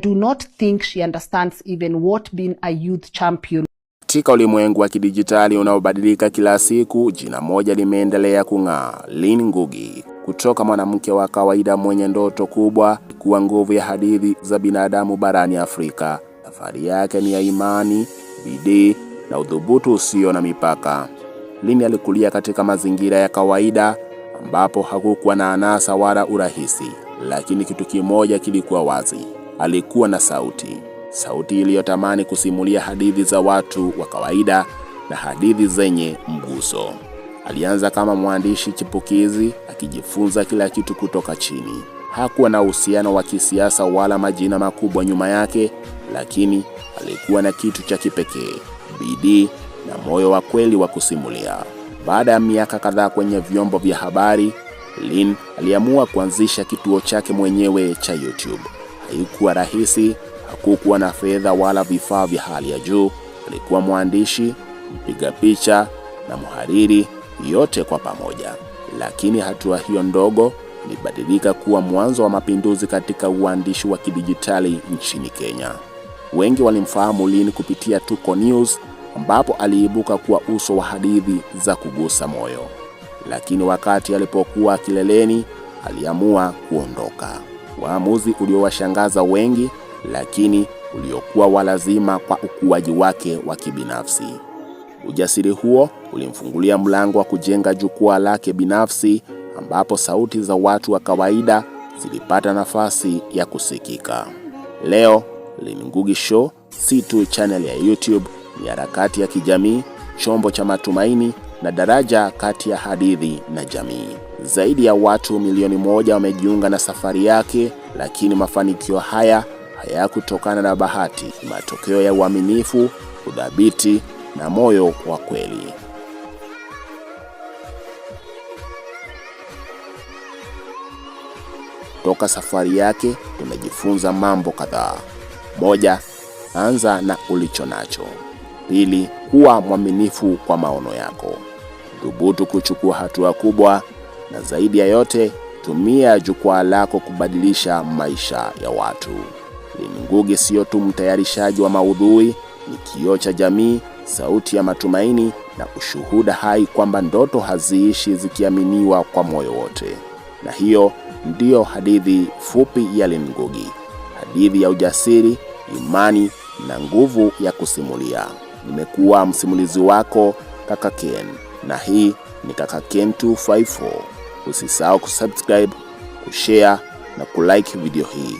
do not think she understands even what being a youth champion. Katika ulimwengu wa kidijitali unaobadilika kila siku, jina moja limeendelea kung'aa, Lynn Ngugi, kutoka mwanamke wa kawaida mwenye ndoto kubwa kuwa nguvu ya hadithi za binadamu barani Afrika. Safari yake ni ya imani, bidii na udhubutu usio na mipaka. Lynn alikulia katika mazingira ya kawaida ambapo hakukuwa na anasa wala urahisi, lakini kitu kimoja kilikuwa wazi alikuwa na sauti, sauti iliyotamani kusimulia hadithi za watu wa kawaida na hadithi zenye mguso. Alianza kama mwandishi chipukizi, akijifunza kila kitu kutoka chini. Hakuwa na uhusiano wa kisiasa wala majina makubwa nyuma yake, lakini alikuwa na kitu cha kipekee, bidii na moyo wa kweli wa kusimulia. Baada ya miaka kadhaa kwenye vyombo vya habari, Lynn aliamua kuanzisha kituo chake mwenyewe cha YouTube haikuwa rahisi. Hakukuwa na fedha wala vifaa vya hali ya juu. Alikuwa mwandishi, mpiga picha na mhariri, yote kwa pamoja. Lakini hatua hiyo ndogo ilibadilika kuwa mwanzo wa mapinduzi katika uandishi wa kidijitali nchini Kenya. Wengi walimfahamu Lynn kupitia Tuko News ambapo aliibuka kuwa uso wa hadithi za kugusa moyo. Lakini wakati alipokuwa kileleni, aliamua kuondoka. Waamuzi uliowashangaza wengi, lakini uliokuwa walazima kwa ukuaji wake wa kibinafsi. Ujasiri huo ulimfungulia mlango wa kujenga jukwaa lake binafsi ambapo sauti za watu wa kawaida zilipata nafasi ya kusikika. Leo Lynn Ngugi Show si tu channel ya YouTube, ni harakati ya kijamii, chombo cha matumaini na daraja kati ya hadithi na jamii. Zaidi ya watu milioni moja wamejiunga na safari yake, lakini mafanikio haya hayakutokana na bahati, matokeo ya uaminifu, udhabiti na moyo wa kweli. Toka safari yake tumejifunza mambo kadhaa. Moja, anza na ulicho nacho. Pili, kuwa mwaminifu kwa maono yako. Thubutu kuchukua hatua kubwa, na zaidi ya yote, tumia jukwaa lako kubadilisha maisha ya watu. Lynn Ngugi siyo tu mtayarishaji wa maudhui, ni kioo cha jamii, sauti ya matumaini na ushuhuda hai kwamba ndoto haziishi zikiaminiwa kwa moyo wote. Na hiyo ndiyo hadithi fupi ya Lynn Ngugi, hadithi ya ujasiri, imani na nguvu ya kusimulia. Nimekuwa msimulizi wako Kaka Ken na hii ni Kaka Ken 254. Usisahau kusubscribe, kushare na kulike video hii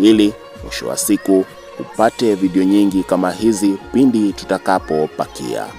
ili mwisho wa siku upate video nyingi kama hizi pindi tutakapopakia.